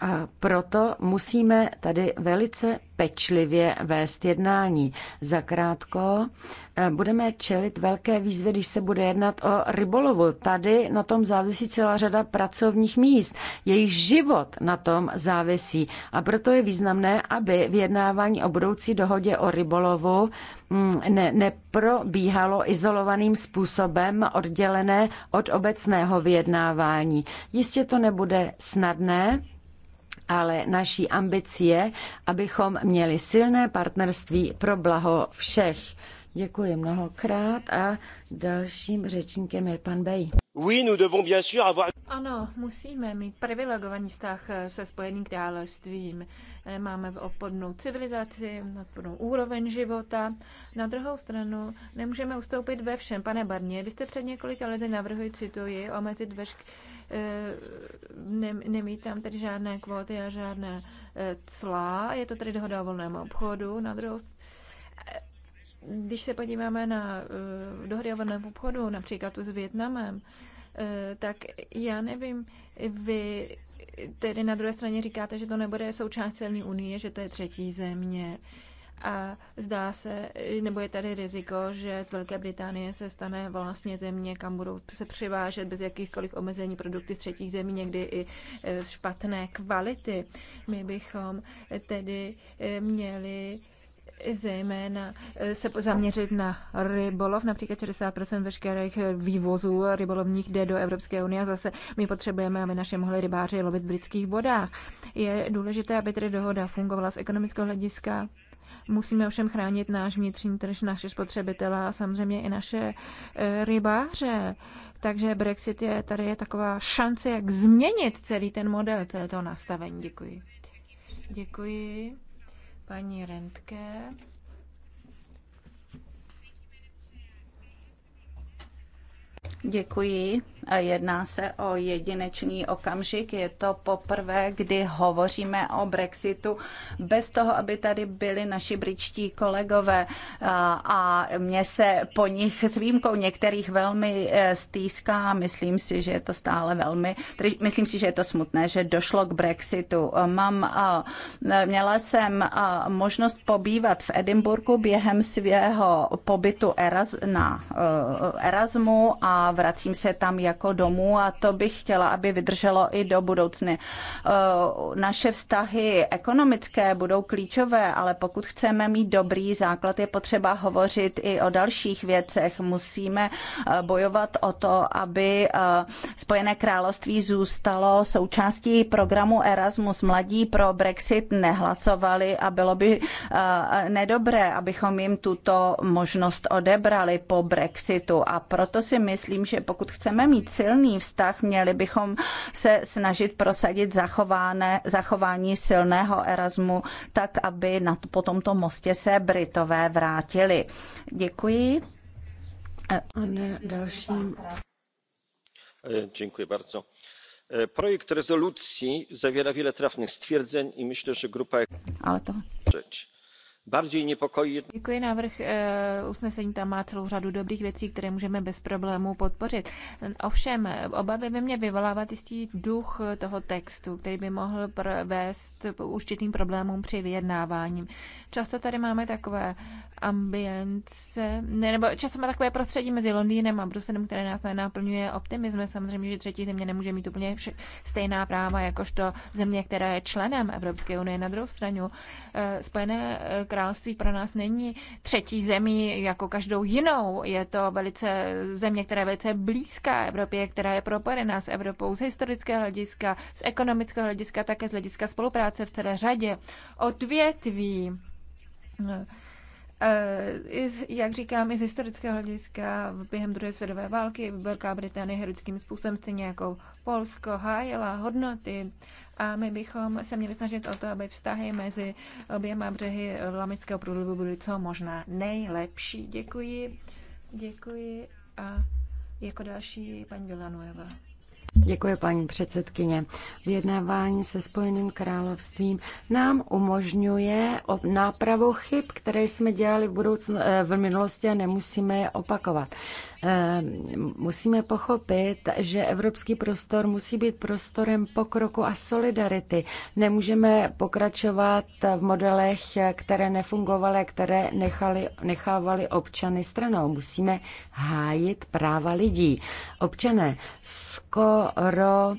a proto musíme tady velice pečlivě vést jednání. Zakrátko eh, budeme čelit velké výzvy, když se bude jednat o rybolovu. Tady na tom závisí celá řada pracovních míst. Jejich život na tom závisí. A proto je významné, aby vyjednávání o budoucí dohodě o rybolovu mm, ne, neprobíhalo izolovaným způsobem oddělené od obecného vyjednávání. Jistě to nebude snadné, ale naší ambicí je, abychom měli silné partnerství pro blaho všech. Děkuji mnohokrát a dalším řečníkem je pan Bej. Ano, musíme mít privilegovaný vztah se Spojeným královstvím. Eh, máme odpornou civilizaci, odpornou úroveň života. Na druhou stranu nemůžeme ustoupit ve všem. Pane Barnier, vy jste před několika lety navrhuji, cituji, omezit veškeré Eh, ne, nemít tam tedy žádné kvóty a žádné eh, cla. Je to tedy dohoda o volném obchodu. Na druhou eh, když se podíváme na dohody o volném obchodu, například tu s Větnamem, tak já nevím, vy tedy na druhé straně říkáte, že to nebude součást celní unie, že to je třetí země a zdá se, nebo je tady riziko, že z Velké Británie se stane vlastně země, kam budou se přivážet bez jakýchkoliv omezení produkty z třetích zemí, někdy i e, špatné kvality. My bychom tedy e, měli zejména e, se zaměřit na rybolov. Například 60% veškerých vývozů rybolovních jde do Evropské unie a zase my potřebujeme, aby naše mohli rybáři lovit v britských vodách. Je důležité, aby tedy dohoda fungovala z ekonomického hlediska Musíme ovšem chránit náš vnitřní trž, naše spotřebitele a samozřejmě i naše e, rybáře. Takže Brexit je tady je taková šance, jak změnit celý ten model, celé to nastavení. Děkuji. Děkuji. Paní Rentke. Děkuji. Jedná se o jedinečný okamžik. Je to poprvé, kdy hovoříme o Brexitu bez toho, aby tady byli naši britští kolegové a mě se po nich s výjimkou některých velmi e, stýská. Myslím si, že je to stále velmi, myslím si, že je to smutné, že došlo k Brexitu. Mám, měla jsem možnost pobývat v Edinburgu během svého pobytu na e, Erasmu a vracím se tam jako jako domů a to bych chtěla, aby vydrželo i do budoucny. Eh, naše vztahy ekonomické budou klíčové, ale pokud chceme mít dobrý základ, je potřeba hovořit i o dalších věcech. Musíme eh, bojovat o to, aby eh, Spojené království zůstalo součástí programu Erasmus. Mladí pro Brexit nehlasovali a bylo by nedobré, abychom jim tuto možnost odebrali po Brexitu. A proto si myslím, že pokud chceme mít mít silný vztah, měli bychom se snažit prosadit zachováné, zachování silného Erasmu, tak aby na, po tomto mostě se Britové vrátili. Děkuji. E, A ne, další. E, Děkuji bardzo e, projekt rezolucí zawiera wiele trafnych stwierdzeń i myślę że grupa ale to bardziej niepokoi... Děkuji, návrh eh, usnesení tam má celou řadu dobrých věcí, které můžeme bez problémů podpořit. Ovšem, obavy by mě vyvolávat jistý duch toho textu, který by mohl vést určitým problémům při vyjednávání. Často tady máme takové ambience, ne, nebo často má takové prostředí mezi Londýnem a Bruselem, které nás nenáplňuje optimismem. Samozřejmě, že třetí země nemůže mít úplně vše, stejná práva, jakožto země, která je členem Evropské unie. Na druhou stranu, eh, Spojené království pro nás není třetí zemí jako každou jinou. Je to velice země, která je velice blízká Evropě, která je propojená s Evropou z historického hlediska, z ekonomického hlediska, také z hlediska spolupráce v celé řadě odvětví eh, jak říkám, i z historického hlediska během druhé světové války Velká Británie heroickým způsobem, stejně jako Polsko, hájila hodnoty a my bychom se měli snažit o to, aby vztahy mezi oběma břehy Lamického průlivu byly co možná nejlepší. Děkuji. Děkuji a jako další paní Villanueva. Děkuji, paní předsedkyně. Vyjednávání se Spojeným královstvím nám umožňuje nápravu chyb, které jsme dělali v, budoucnu, eh, v minulosti a nemusíme je opakovat. Eh, musíme pochopit, že evropský prostor musí být prostorem pokroku a solidarity. Nemůžeme pokračovat v modelech, které nefungovaly, které nechali, nechávali občany stranou. Musíme hájit práva lidí. Občané, sko skoro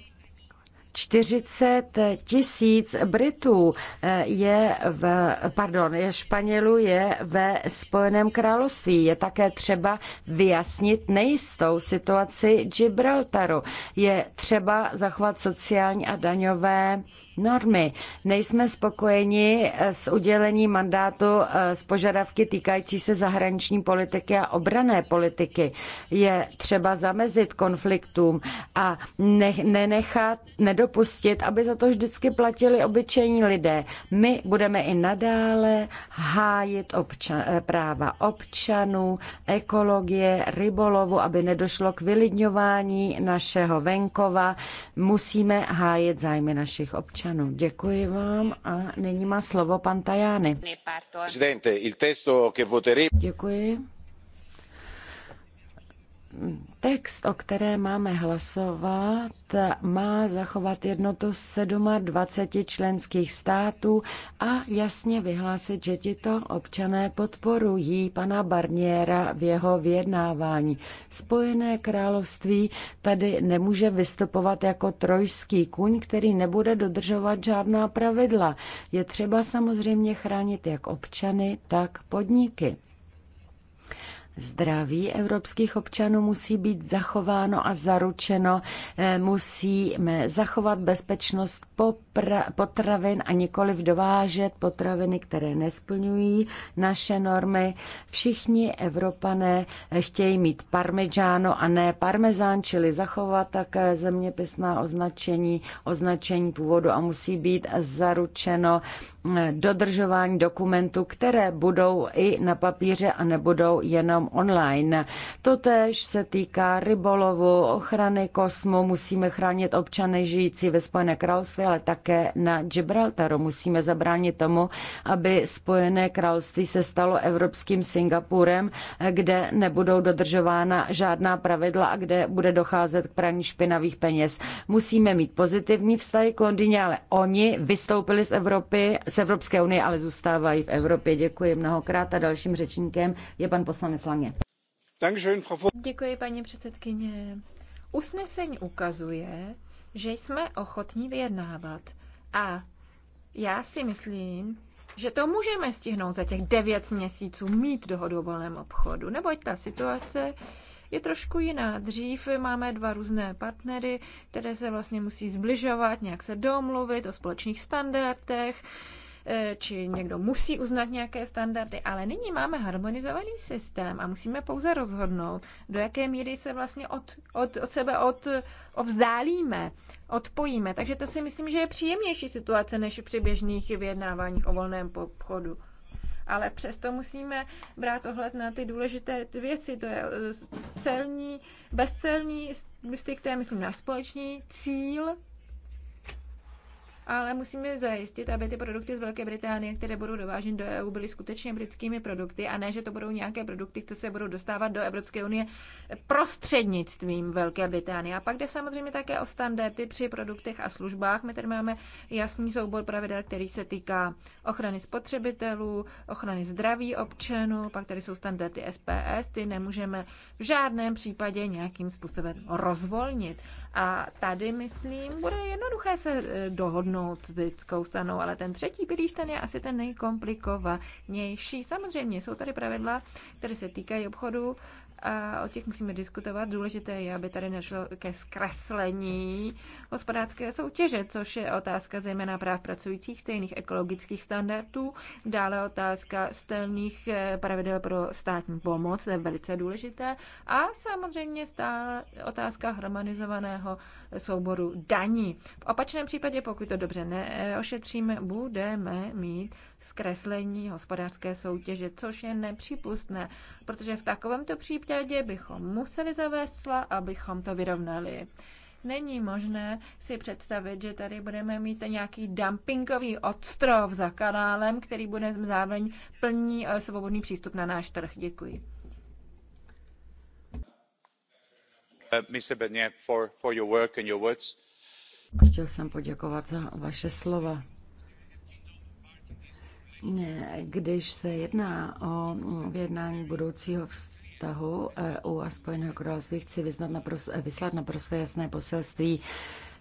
40 tisíc Britů eh, je v, pardon, je Španělů je ve Spojeném království. Je také třeba vyjasnit nejistou situaci Gibraltaru. Je třeba zachovat sociální a daňové normy. Nejsme spokojeni s udělením mandátu z eh, požadavky týkající se zahraniční politiky a obrané politiky. Je třeba zamezit konfliktům a ne, nenechat, nedopustit, aby za to vždycky platili obyčejní lidé. My budeme i nadále hájit obča- eh, práva občanů, ekologie, rybolovu, aby nedošlo k vylidňování našeho venkova. Musíme hájit zájmy našich občanů občanů. Děkuji vám a nyní má slovo pan Tajány. Děkuji Text, o které máme hlasovat, má zachovat jednotu 27 členských států a jasně vyhlásit, že tito občané podporují pana Barniera v jeho vyjednávání. Spojené království tady nemůže vystupovat jako trojský kuň, který nebude dodržovat žádná pravidla. Je třeba samozřejmě chránit jak občany, tak podniky. Zdraví evropských občanů musí být zachováno a zaručeno. Eh, musíme zachovat bezpečnost potravin a nikoli dovážet potraviny, které nesplňují naše normy. Všichni Evropané eh, chtějí mít parmežáno a ne parmezán, čili zachovat také zeměpisná označení, označení původu a musí být zaručeno dodržování dokumentů, které budou i na papíře a nebudou jenom online. Totež se týká rybolovu, ochrany kosmu, musíme chránit občany žijící ve Spojené království, ale také na Gibraltaru. Musíme zabránit tomu, aby Spojené království se stalo evropským Singapurem, kde nebudou dodržována žádná pravidla a kde bude docházet k praní špinavých peněz. Musíme mít pozitivní vztahy k Londýně, ale oni vystoupili z Evropy z Evropské unie, ale zůstávají v Evropě. Děkuji mnohokrát a dalším řečníkem je pan poslanec Lange. Děkuji, paní předsedkyně. Usnesení ukazuje, že jsme ochotní vyjednávat. A já si myslím, že to můžeme stihnout za těch devět měsíců mít dohodu o volném obchodu, neboť ta situace je trošku jiná. Dřív máme dva různé partnery, které se vlastně musí zbližovat, nějak se domluvit o společných standardech, Eh, či někdo musí uznat nějaké standardy, ale nyní máme harmonizovaný systém a musíme pouze rozhodnout, do jaké míry se vlastně od, od, od sebe od, ovzdálíme, odpojíme. Takže to si myslím, že je příjemnější situace než při běžných vyjednáváních o volném obchodu ale přesto musíme brát ohled na ty důležité věci, to je eh, celní, bezcelní styk, to je, myslím, náš společný cíl ale musíme zajistit, aby ty produkty z Velké Británie, které budou dováženy do EU, byly skutečně britskými produkty a ne, že to budou nějaké produkty, které se budou dostávat do Evropské unie prostřednictvím Velké Británie. A pak jde samozřejmě také o standardy při produktech a službách. My tady máme jasný soubor pravidel, který se týká ochrany spotřebitelů, ochrany zdraví občanů, pak tady jsou standardy SPS, ty nemůžeme v žádném případě nějakým způsobem rozvolnit. A tady, myslím, bude jednoduché se eh, dohodnout nultickou stanou, ale ten třetí pilíř, ten je asi ten nejkomplikovanější. Samozřejmě jsou tady pravidla, které se týkají obchodu a o těch musíme diskutovat. Důležité je, aby tady nešlo ke zkreslení hospodářské soutěže, což je otázka zejména práv pracujících, stejných ekologických standardů, dále otázka stejných eh, pravidel pro státní pomoc, to je velice důležité, a samozřejmě stále otázka harmonizovaného souboru daní. V opačném případě, pokud to dobře neošetříme, budeme mít zkreslení hospodářské soutěže, což je nepřípustné, protože v takovémto případě bychom museli zavést sla, abychom to vyrovnali. Není možné si představit, že tady budeme mít nějaký dumpingový ostrov za kanálem, který bude zároveň plní eh, svobodný přístup na náš trh. Děkuji. Uh, Barnier, for, for your work and your words. Chtěl jsem poděkovat za vaše slova. Když se jedná o vyjednání budoucího vztahu EU a Spojeného království, chci vyznat napros- vyslat naprosto jasné poselství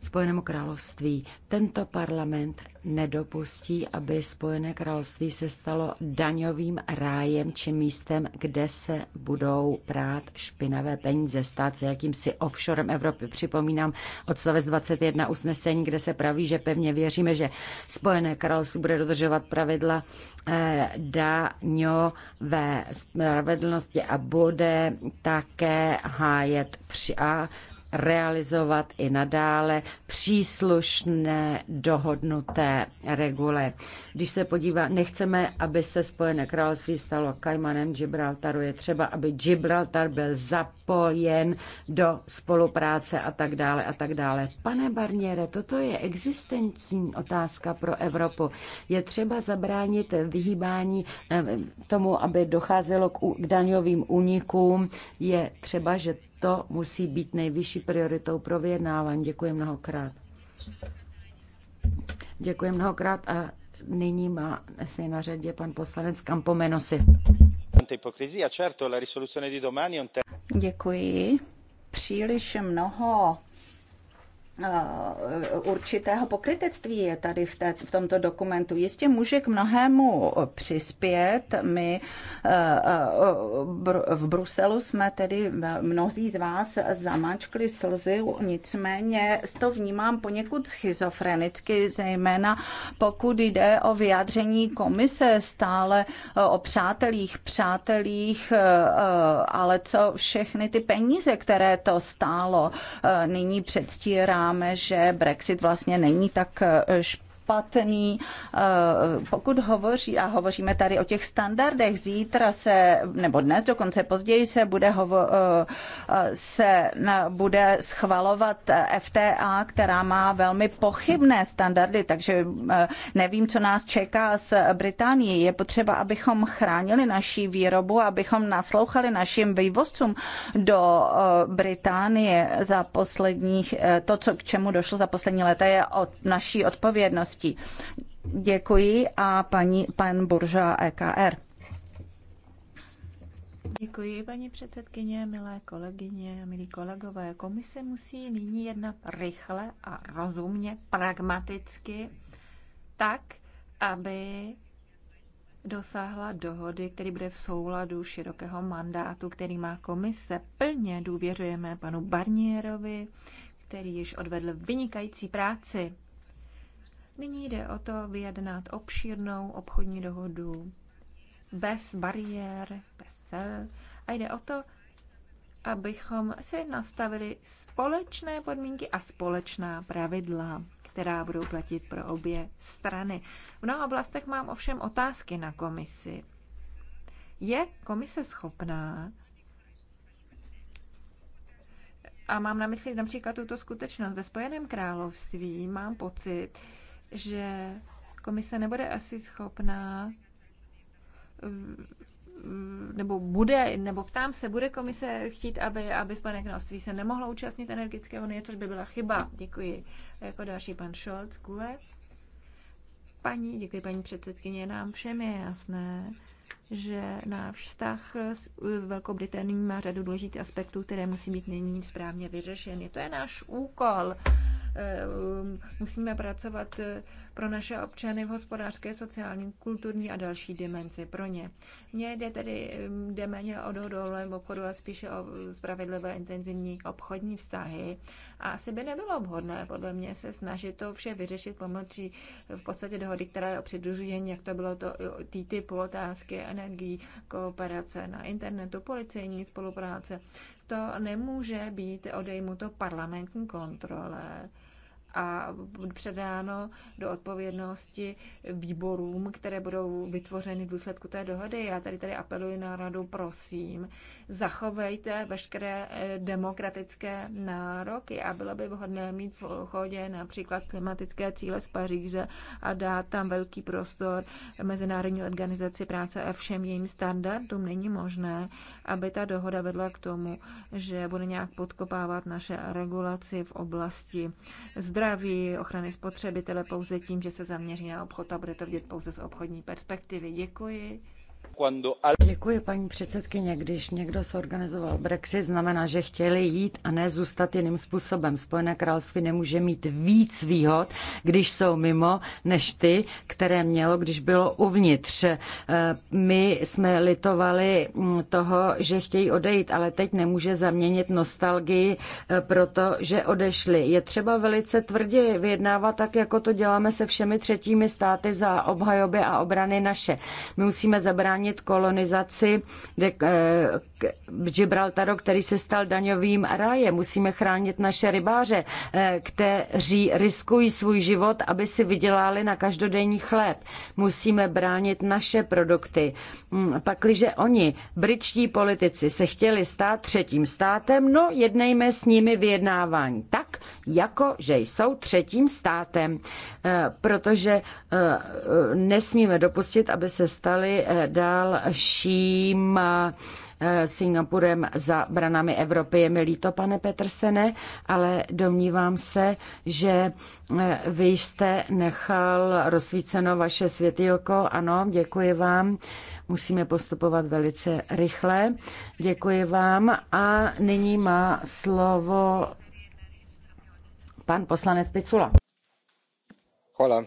Spojenému království. Tento parlament nedopustí, aby Spojené království se stalo daňovým rájem či místem, kde se budou prát špinavé peníze, stát se jakýmsi offshorem Evropy. Připomínám odstavec 21 usnesení, kde se praví, že pevně věříme, že Spojené království bude dodržovat pravidla eh, daňové spravedlnosti a bude také hájet při a realizovat i nadále příslušné dohodnuté regule. Když se podívá, nechceme, aby se Spojené království stalo Kajmanem Gibraltaru. Je třeba, aby Gibraltar byl zapojen do spolupráce a tak dále a tak dále. Pane Barniere, toto je existenční otázka pro Evropu. Je třeba zabránit vyhýbání eh, tomu, aby docházelo k daňovým únikům. Je třeba, že to musí být nejvyšší prioritou pro vyjednávání. Děkuji mnohokrát. Děkuji mnohokrát a nyní má se na řadě pan poslanec Kampomenosi. Děkuji. Příliš mnoho Eh, určitého pokrytectví je tady v, té, v tomto dokumentu. Jistě může k mnohému přispět. My eh, eh, v Bruselu jsme tedy mnozí z vás zamačkli slzy, nicméně to vnímám poněkud schizofrenicky, zejména pokud jde o vyjádření komise stále o přátelích, přátelích, ale co všechny ty peníze, které to stálo, nyní předstírá uznáme, že Brexit vlastně není tak eh, špatný špatný. Eh, pokud hovoří, a hovoříme tady o těch standardech, zítra se, nebo dnes dokonce později se bude, hovo, eh, se eh, bude schvalovat FTA, která má velmi pochybné standardy, takže nevím, co nás čeká z Británií. Je potřeba, abychom chránili naši výrobu, abychom naslouchali našim vývozcům do Británie za posledních, to, co, k čemu došlo za poslední léta, je od naší odpovědnosti oblastí. Děkuji a paní, pan Burža EKR. Děkuji, paní předsedkyně, milé kolegyně milí kolegové. Komise musí nyní jednat rychle a rozumně, pragmaticky, tak, aby dosáhla dohody, který bude v souladu širokého mandátu, který má komise. Plně důvěřujeme panu Barnierovi, který již odvedl vynikající práci. Nyní jde o to vyjednat obšírnou obchodní dohodu bez bariér, bez cel a jde o to, abychom si nastavili společné podmínky a společná pravidla, která budou platit pro obě strany. V mnoha oblastech mám ovšem otázky na komisi. Je komise schopná a mám na mysli například tuto skutečnost. Ve Spojeném království mám pocit, že komise nebude asi schopná nebo bude, nebo ptám se, bude komise chtít, aby, aby Spojené království se nemohlo účastnit energetické unie, což by byla chyba. Děkuji. A jako další pan Scholz, Kule. Paní, děkuji paní předsedkyně, nám všem je jasné, že náš vztah s Velkou Británií má řadu důležitých aspektů, které musí být nyní správně vyřešeny. To je náš úkol. Eh, musíme pracovat eh, pro naše občany v hospodářské, sociální, kulturní a další dimenzi pro ně. Mně jde tedy mm, jde méně o dohodovém obchodu a spíše o spravedlivé intenzivní obchodní vztahy. A asi by nebylo vhodné podle mě se snažit to vše vyřešit pomocí eh, v podstatě dohody, která je o přidružení, jak to bylo to TTIPu, otázky energii, kooperace na internetu, policejní spolupráce. To nemůže být odejmuto parlamentní kontrole a předáno do odpovědnosti výborům, které budou vytvořeny v důsledku té dohody. Já tady tady apeluji na radu, prosím, zachovejte veškeré eh, demokratické nároky a bylo by vhodné mít v chodě například klimatické cíle z Paříže a dát tam velký prostor Mezinárodní organizaci práce a všem jejím standardům. Není možné, aby ta dohoda vedla k tomu, že bude nějak podkopávat naše regulaci v oblasti zdraví zdraví, ochrany spotřebitele pouze tím, že se zaměří na obchod a bude to vidět pouze z obchodní perspektivy. Děkuji paní předsedkyně. Když někdo zorganizoval Brexit, znamená, že chtěli jít a ne zůstat jiným způsobem. Spojené království nemůže mít víc výhod, když jsou mimo, než ty, které mělo, když bylo uvnitř. Eh, my jsme litovali mm, toho, že chtějí odejít, ale teď nemůže zaměnit nostalgii, eh, protože odešli. Je třeba velice tvrdě vyjednávat, tak jako to děláme se všemi třetími státy za obhajoby a obrany naše. My musíme zabránit zabránit kolonizaci eh, Gibraltaru, který se stal daňovým rájem. Musíme chránit naše rybáře, eh, kteří riskují svůj život, aby si vydělali na každodenní chléb. Musíme bránit naše produkty. Mm, pakliže oni, britští politici, se chtěli stát třetím státem, no jednejme s nimi vyjednávání. Tak jako že jsou třetím státem, eh, protože eh, nesmíme dopustit, aby se stali eh, dalším Singapurem za branami Evropy. Je mi líto, pane Petersene, ale domnívám se, že vy jste nechal rozsvíceno vaše světilko. Ano, děkuji vám. Musíme postupovat velice rychle. Děkuji vám. A nyní má slovo Pan poslanec Picula. Hola.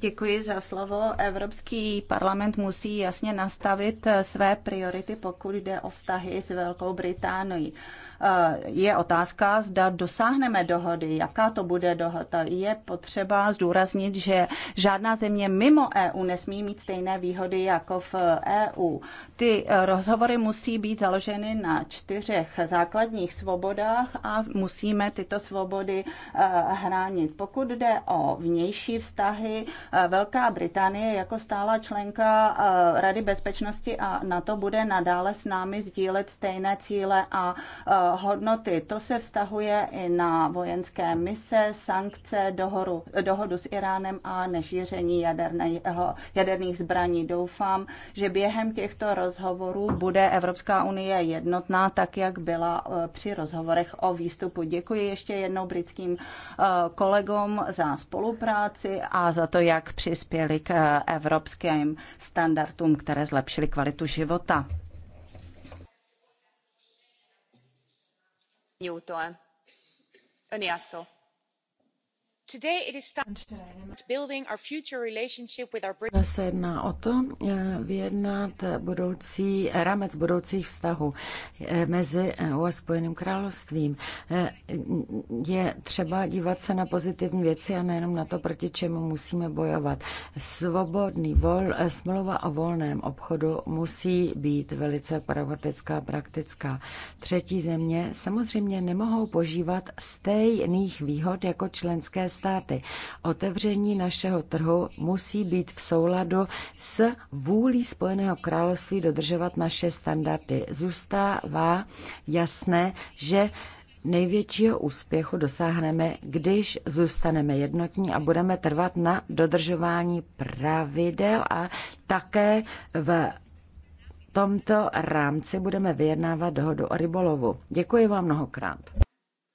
Děkuji za slovo. Evropský parlament musí jasně nastavit své priority, pokud jde o vztahy s Velkou Británií. Eh, je otázka, zda dosáhneme dohody, jaká to bude dohoda. Je potřeba zdůraznit, že žádná země mimo EU nesmí mít stejné výhody jako v EU. Ty eh, rozhovory musí být založeny na čtyřech základních svobodách a musíme tyto svobody eh, hránit. Pokud jde o vnější vztahy, Velká Británie jako stála členka Rady bezpečnosti a na to bude nadále s námi sdílet stejné cíle a hodnoty. To se vztahuje i na vojenské mise, sankce, dohoru, dohodu s Iránem a nešíření jaderného, jaderných zbraní. Doufám, že během těchto rozhovorů bude Evropská unie jednotná, tak jak byla eh, při rozhovorech o výstupu. Děkuji ještě jednou britským eh, kolegům za spolupráci a za to, jak přispěli k eh, evropským standardům, které zlepšily kvalitu života. paní předsedající dnes se jedná o to eh, vyjednat budoucí, rámec budoucích vztahů eh, mezi EU a Spojeným královstvím. Eh, je třeba dívat se na pozitivní věci a nejenom na to, proti čemu musíme bojovat. Svobodný vol, smlouva o volném obchodu musí být velice pragmatická, praktická. Třetí země samozřejmě nemohou požívat stejných výhod jako členské státy. Otevření našeho trhu musí být v souladu s vůlí Spojeného království dodržovat naše standardy. Zůstává jasné, že Největšího úspěchu dosáhneme, když zůstaneme jednotní a budeme trvat na dodržování pravidel a také v tomto rámci budeme vyjednávat dohodu o rybolovu. Děkuji vám mnohokrát.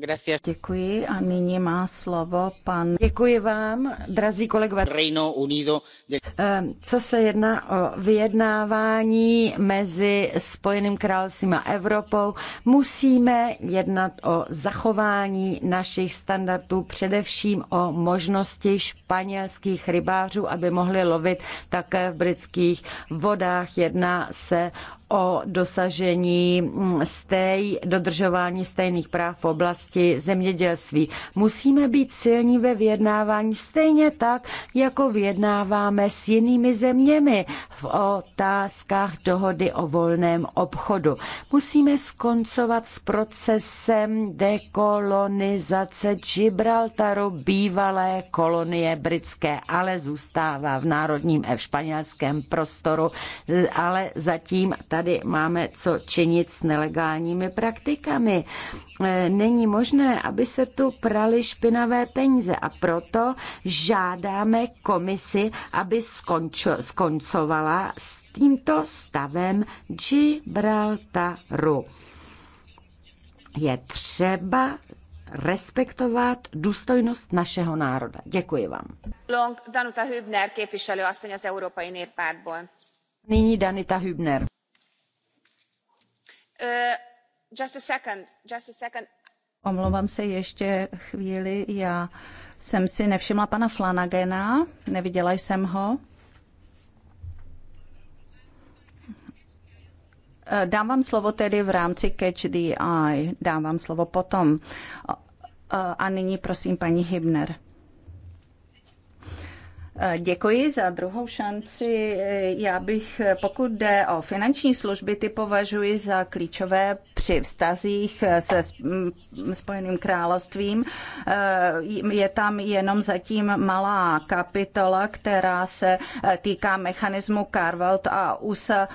Gracias. Děkuji a nyní má slovo pan... Děkuji vám, drazí kolegové. Reino Unido. Ehm, co se jedná o vyjednávání mezi Spojeným královstvím a Evropou, musíme jednat o zachování našich standardů, především o možnosti španělských rybářů, aby mohli lovit také v britských vodách. Jedná se o dosažení stej, dodržování stejných práv v oblasti zemědělství. Musíme být silní ve vyjednávání stejně tak, jako vyjednáváme s jinými zeměmi v otázkách dohody o volném obchodu. Musíme skoncovat s procesem dekolonizace Gibraltaru, bývalé kolonie britské, ale zůstává v národním a eh, v španělském prostoru, ale zatím ta tady máme co činit s nelegálními praktikami. E, není možné, aby se tu prali špinavé peníze a proto žádáme komisi, aby skončo, skoncovala s tímto stavem Gibraltaru. Je třeba respektovat důstojnost našeho národa. Děkuji vám. Long Danuta Hübner, Nyní Danita Hübner. Omlouvám se ještě chvíli, já jsem si nevšimla pana Flanagena, neviděla jsem ho. Dám vám slovo tedy v rámci Catch the Eye, dám vám slovo potom. A nyní prosím paní Hibner. Děkuji za druhou šanci. Já bych, pokud jde o finanční služby, ty považuji za klíčové při vztazích se Spojeným královstvím. Je tam jenom zatím malá kapitola, která se týká mechanismu Carvelt a, usa,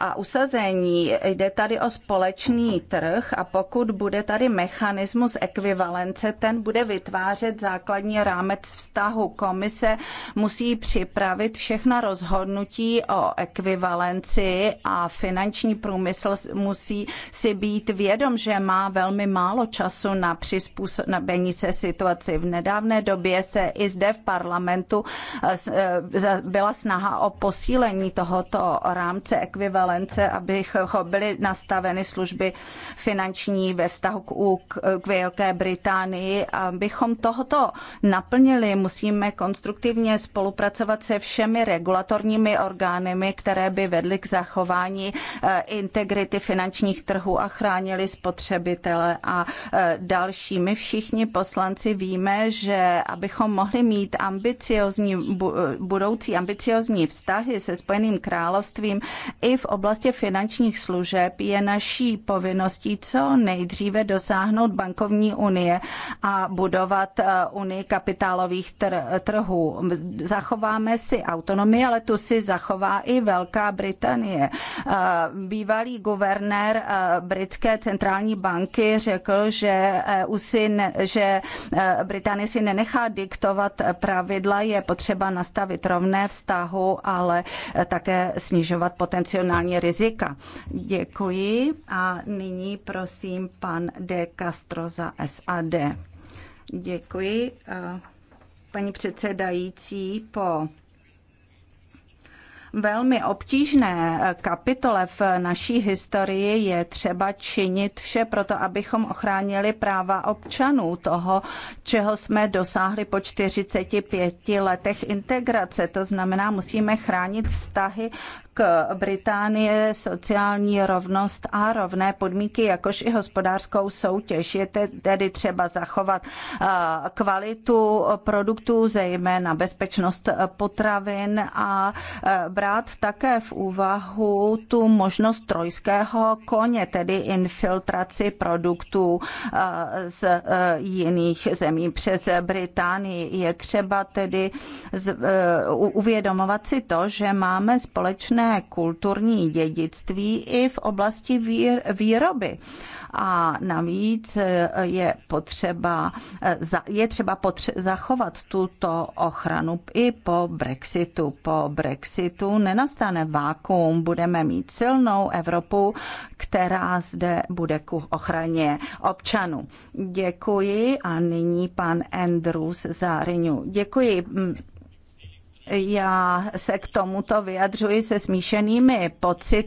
a usazení. Jde tady o společný trh a pokud bude tady mechanismus ekvivalence, ten bude vytvářet základní rámec vztahu. Komise musí připravit všechna rozhodnutí o ekvivalenci a finanční průmysl musí si být vědom, že má velmi málo času na přizpůsobení se situaci. V nedávné době se i zde v parlamentu eh, byla snaha o posílení tohoto rámce ekvivalence, abych byly nastaveny služby finanční ve vztahu k, k Velké Británii. Abychom tohoto naplnili, musíme konstruktivně spolupracovat spolupracovat se všemi regulatorními orgány, které by vedly k zachování eh, integrity finančních trhů a chránili spotřebitele a eh, další. My všichni poslanci víme, že abychom mohli mít ambiciozní, budoucí ambiciozní vztahy se Spojeným královstvím i v oblasti finančních služeb je naší povinností co nejdříve dosáhnout bankovní unie a budovat eh, unii kapitálových trhů zachováme si autonomii, ale tu si zachová i Velká Británie. Eh, bývalý guvernér eh, britské centrální banky řekl, že, EU že eh, Británie si nenechá diktovat pravidla, je potřeba nastavit rovné vztahu, ale také snižovat potenciální rizika. Děkuji a nyní prosím pan De Castro za SAD. Děkuji paní předsedající, po velmi obtížné kapitole v naší historii je třeba činit vše proto, abychom ochránili práva občanů toho, čeho jsme dosáhli po 45 letech integrace. To znamená, musíme chránit vztahy Británie sociální rovnost a rovné podmínky, jakož i hospodářskou soutěž. Je tedy třeba zachovat eh, kvalitu produktů, zejména bezpečnost potravin a eh, brát také v úvahu tu možnost trojského koně, tedy infiltraci produktů eh, z jiných zemí přes Británii. Je třeba tedy uvědomovat si to, že máme společné společné kulturní dědictví i v oblasti výroby a navíc eh, je potřeba, eh, je třeba potře- zachovat tuto ochranu i po Brexitu. Po Brexitu nenastane vákuum, budeme mít silnou Evropu, která zde bude ku ochraně občanů. Děkuji a nyní pan Andrews za Renew. Děkuji. Mm, já se k tomuto vyjadřuji se smíšenými pocity